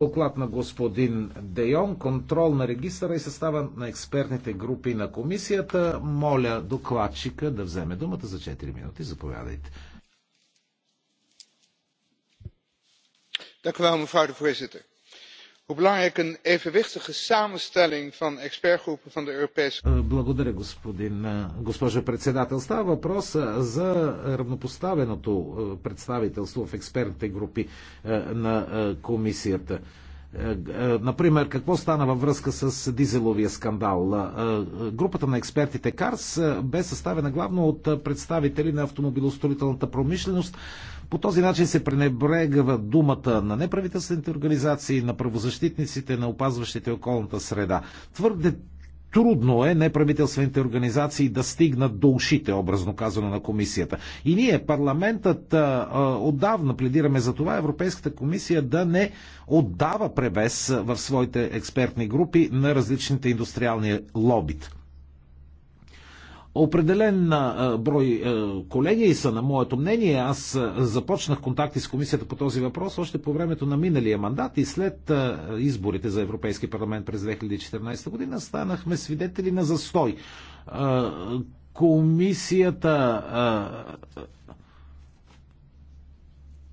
Доклад на господин Дейон, контрол на регистъра и състава на експертните групи на комисията. Моля докладчика да вземе думата за 4 минути. Заповядайте. Dank u wel, mevrouw de voorzitter hoe belangrijk een evenwichtige samenstelling van expertgroepen van de Europese. Е, благодаря, господин, е, госпожо председател. Става въпрос е, за равнопоставеното представителство в експертните групи на комисията. Е, е, например, какво стана във връзка с дизеловия скандал? Е, групата на експертите КАРС бе съставена главно от представители на автомобилостроителната промишленост. По този начин се пренебрегва думата на неправителствените организации, на правозащитниците, на опазващите околната среда. Твърде трудно е неправителствените организации да стигнат до ушите, образно казано на комисията. И ние, парламентът, отдавна пледираме за това Европейската комисия да не отдава превес в своите експертни групи на различните индустриални лобита. Определен брой колеги са на моето мнение. Аз започнах контакти с комисията по този въпрос още по времето на миналия мандат и след изборите за Европейски парламент през 2014 година станахме свидетели на застой. Комисията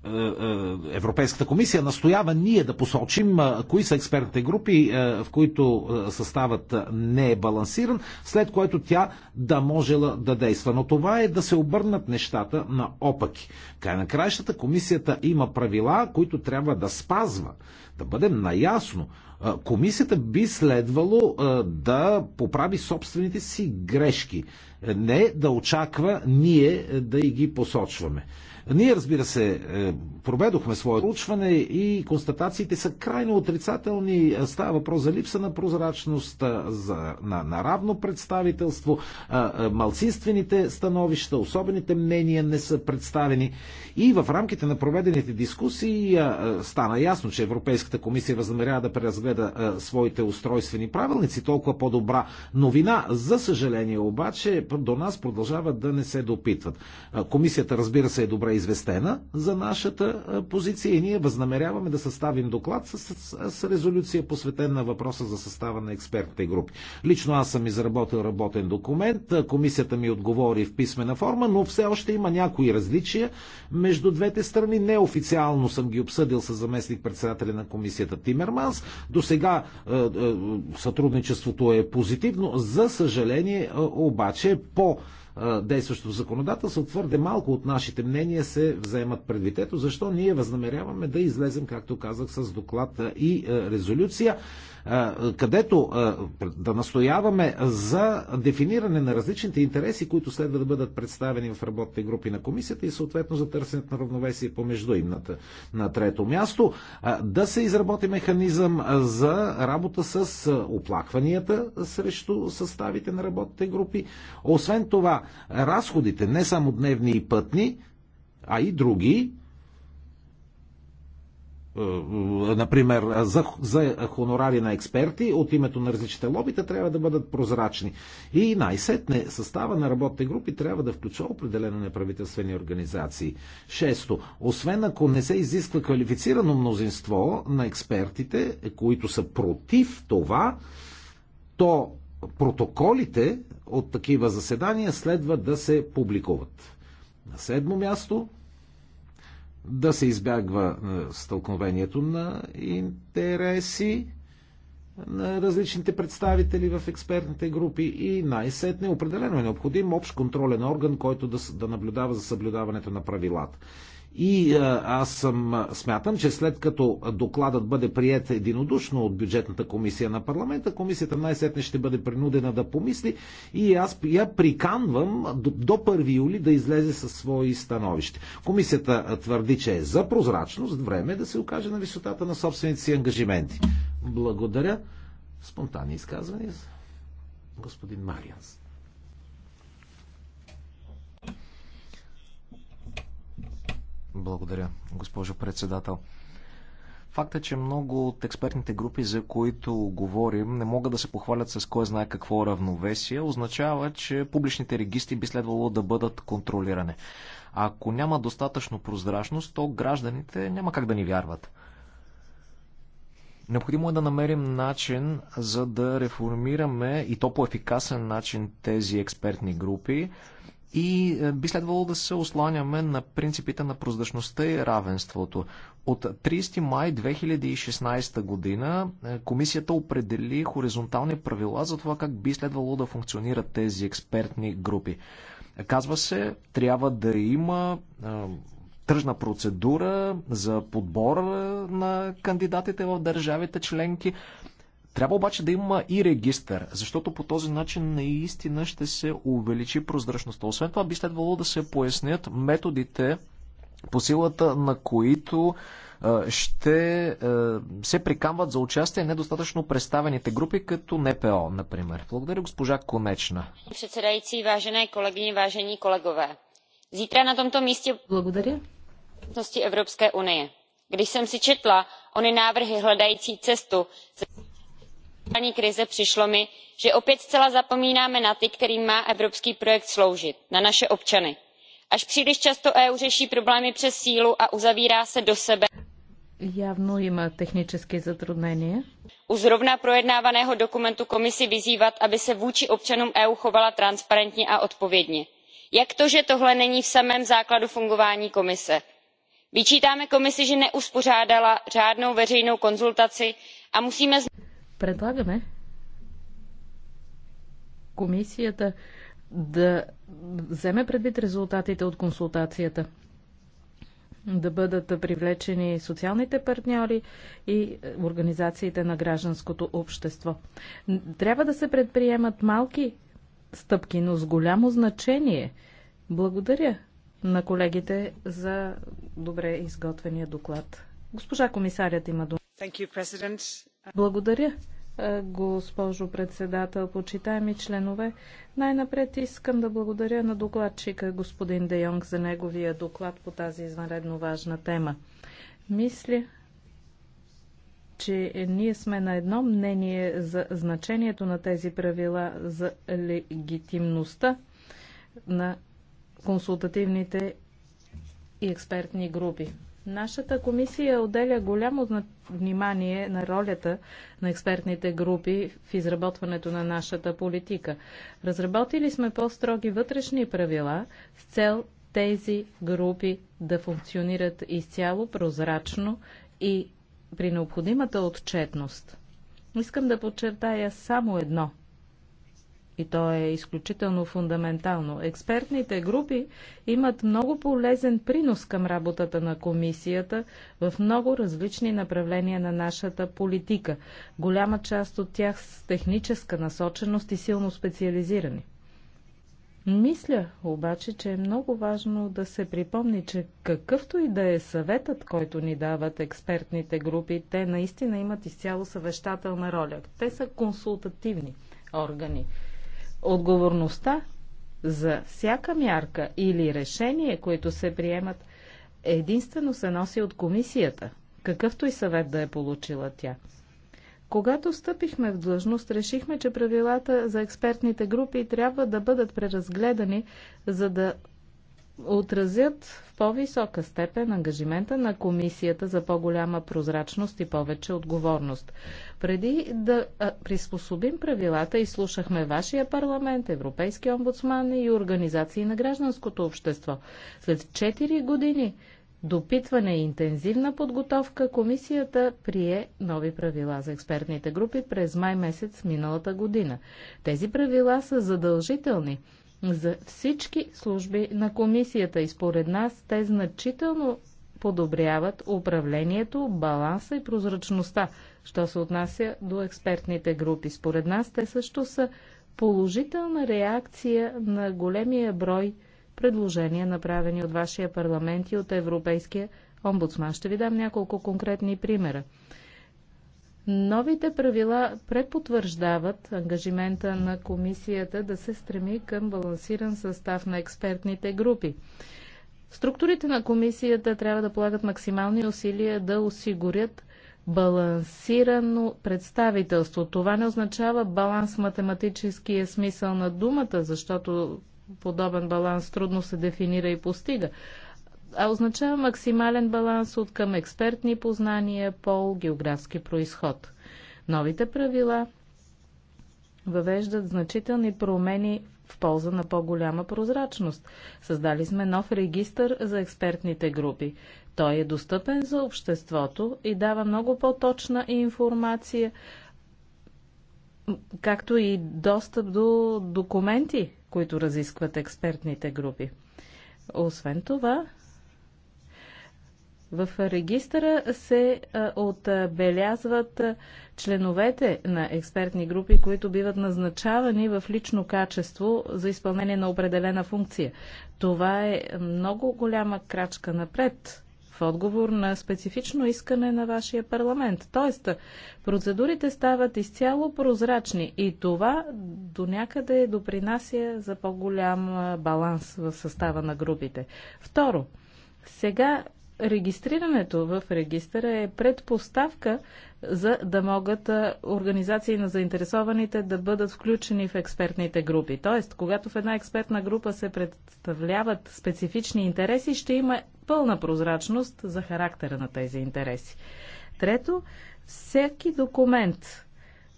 е, е, Европейската комисия настоява ние да посочим е, кои са експертните групи, в които съставът не е балансиран, след което тя да може да действа. Но това е да се обърнат нещата наопаки. Край на краищата комисията има правила, които трябва да спазва, да бъдем наясно комисията би следвало да поправи собствените си грешки. Е, не да очаква ние е, да и ги посочваме. Ние, разбира се, е, проведохме свое проучване и констатациите са крайно отрицателни. Става въпрос за липса на прозрачност, за, на, на равно представителство, малцинствените становища, особените мнения не са представени. И в рамките на проведените дискусии стана ясно, че Европейската комисия възнамерява да преразгледа разгледа а, своите устройствени правилници, толкова по-добра новина. За съжаление обаче до нас продължават да не се допитват. А, комисията разбира се е добре известена за нашата а, позиция и ние възнамеряваме да съставим доклад с, с, с резолюция посветен на въпроса за състава на експертните групи. Лично аз съм изработил работен документ, а, комисията ми отговори в писмена форма, но все още има някои различия между двете страни. Неофициално съм ги обсъдил с заместник председателя на комисията Тимерманс. До сега е, е, сътрудничеството е позитивно, за съжаление е, обаче по- действащо законодателство, твърде малко от нашите мнения се вземат предвид. Ето защо ние възнамеряваме да излезем, както казах, с доклад и резолюция, където да настояваме за дефиниране на различните интереси, които следва да бъдат представени в работните групи на комисията и съответно за търсенето на равновесие помежду им на трето място. Да се изработи механизъм за работа с оплакванията срещу съставите на работните групи. Освен това, разходите, не само дневни и пътни, а и други, е, е, например, за, за хонорари на експерти от името на различните лобита трябва да бъдат прозрачни. И най-сетне състава на работните групи трябва да включва определено неправителствени организации. Шесто, освен ако не се изисква квалифицирано мнозинство на експертите, които са против това, то протоколите от такива заседания следва да се публикуват. На седмо място да се избягва е, стълкновението на интереси на различните представители в експертните групи и най-сетне определено е необходим общ контролен орган, който да, да наблюдава за съблюдаването на правилата. И аз съм, смятам, че след като докладът бъде прият единодушно от бюджетната комисия на парламента, комисията най-сетне ще бъде принудена да помисли и аз я приканвам до, до 1 юли да излезе със свои становище. Комисията твърди, че е за прозрачност, време е да се окаже на висотата на собствените си ангажименти. Благодаря. Спонтанни изказвания. Господин Марианс. Благодаря, госпожо председател. Факт е, че много от експертните групи, за които говорим, не могат да се похвалят с кой знае какво равновесие, означава, че публичните регистри би следвало да бъдат контролиране. ако няма достатъчно прозрачност, то гражданите няма как да ни вярват. Необходимо е да намерим начин, за да реформираме и то по ефикасен начин тези експертни групи, и е, би следвало да се осланяме на принципите на прозрачността и равенството. От 30 май 2016 година е, комисията определи хоризонтални правила за това как би следвало да функционират тези експертни групи. Казва се, трябва да има е, тръжна процедура за подбор на кандидатите в държавите членки. Трябва обаче да има и регистър, защото по този начин наистина ще се увеличи прозрачността. Освен това би следвало да се пояснят методите по силата на които ще се прикамват за участие недостатъчно представените групи, като НПО, например. Благодаря, госпожа Конечна. Председайци, важене kolegyně, важени колегове. Зитра на томто místě Благодаря. ...Европска unie. Když съм си четла, они návrhy hledající cestu humanitární krize přišlo mi že opět zcela zapomínáme na ty kterým má evropský projekt sloužit na naše občany. až příliš často eu řeší problémy přes sílu a uzavírá se do sebe U zrovna projednávaného dokumentu komisi vyzývat, aby se vůči občanům EU chovala transparentně a odpovědně. Jak to, že tohle není v samém základu fungování komise? Vyčítáme komisi, že neuspořádala řádnou veřejnou konzultaci a musíme Предлагаме комисията да вземе предвид резултатите от консултацията, да бъдат привлечени социалните партньори и организациите на гражданското общество. Трябва да се предприемат малки стъпки, но с голямо значение. Благодаря на колегите за добре изготвения доклад. Госпожа комисарят има дума. Благодаря. Е, госпожо председател, почитаеми членове. Най-напред искам да благодаря на докладчика господин Де Йонг за неговия доклад по тази извънредно важна тема. Мисля, че ние сме на едно мнение за значението на тези правила за легитимността на консултативните и експертни групи. Нашата комисия отделя голямо внимание на ролята на експертните групи в изработването на нашата политика. Разработили сме по-строги вътрешни правила с цел тези групи да функционират изцяло прозрачно и при необходимата отчетност. Искам да подчертая само едно – и то е изключително фундаментално. Експертните групи имат много полезен принос към работата на комисията в много различни направления на нашата политика. Голяма част от тях с техническа насоченост и силно специализирани. Мисля обаче, че е много важно да се припомни, че какъвто и да е съветът, който ни дават експертните групи, те наистина имат изцяло съвещателна роля. Те са консултативни органи. Отговорността за всяка мярка или решение, които се приемат, единствено се носи от комисията, какъвто и съвет да е получила тя. Когато стъпихме в длъжност, решихме, че правилата за експертните групи трябва да бъдат преразгледани, за да отразят в по-висока степен ангажимента на комисията за по-голяма прозрачност и повече отговорност. Преди да приспособим правилата, изслушахме вашия парламент, Европейски омбудсман и организации на гражданското общество. След 4 години допитване и интензивна подготовка, комисията прие нови правила за експертните групи през май месец миналата година. Тези правила са задължителни за всички служби на комисията и според нас те значително подобряват управлението, баланса и прозрачността, що се отнася до експертните групи. Според нас те също са положителна реакция на големия брой предложения, направени от вашия парламент и от Европейския омбудсман. Ще ви дам няколко конкретни примера. Новите правила препотвърждават ангажимента на комисията да се стреми към балансиран състав на експертните групи. Структурите на комисията трябва да полагат максимални усилия да осигурят балансирано представителство. Това не означава баланс в математическия смисъл на думата, защото подобен баланс трудно се дефинира и постига а означава максимален баланс от към експертни познания, пол, географски происход. Новите правила въвеждат значителни промени в полза на по-голяма прозрачност. Създали сме нов регистър за експертните групи. Той е достъпен за обществото и дава много по-точна информация, както и достъп до документи, които разискват експертните групи. Освен това, в регистъра се отбелязват членовете на експертни групи, които биват назначавани в лично качество за изпълнение на определена функция. Това е много голяма крачка напред в отговор на специфично искане на вашия парламент. Тоест, процедурите стават изцяло прозрачни и това до някъде допринася за по-голям баланс в състава на групите. Второ, сега регистрирането в регистъра е предпоставка за да могат организации на заинтересованите да бъдат включени в експертните групи. Тоест, когато в една експертна група се представляват специфични интереси, ще има пълна прозрачност за характера на тези интереси. Трето, всеки документ,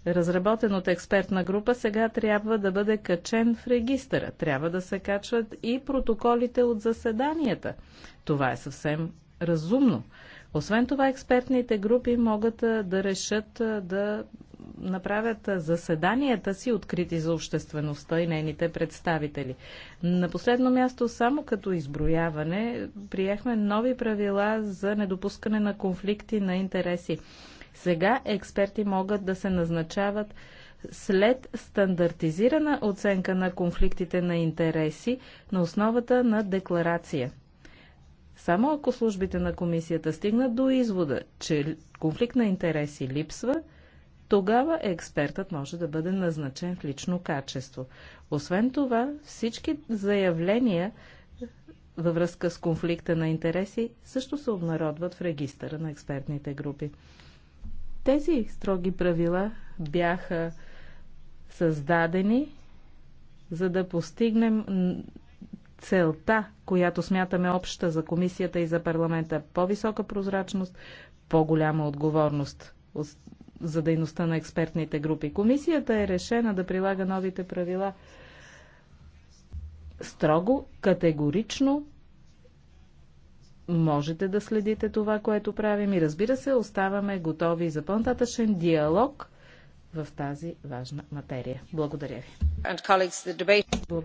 разработен от експертна група, сега трябва да бъде качен в регистъра. Трябва да се качват и протоколите от заседанията. Това е съвсем разумно. Освен това, експертните групи могат да решат да направят заседанията си открити за обществеността и нейните представители. На последно място, само като изброяване, приехме нови правила за недопускане на конфликти на интереси. Сега експерти могат да се назначават след стандартизирана оценка на конфликтите на интереси на основата на декларация. Само ако службите на комисията стигнат до извода, че конфликт на интереси липсва, тогава експертът може да бъде назначен в лично качество. Освен това, всички заявления във връзка с конфликта на интереси също се обнародват в регистъра на експертните групи. Тези строги правила бяха създадени, за да постигнем целта, която смятаме обща за комисията и за парламента – по-висока прозрачност, по-голяма отговорност за дейността на експертните групи. Комисията е решена да прилага новите правила строго, категорично. Можете да следите това, което правим и разбира се, оставаме готови за по-нататъчен диалог – в тази важна материя. Благодаря ви.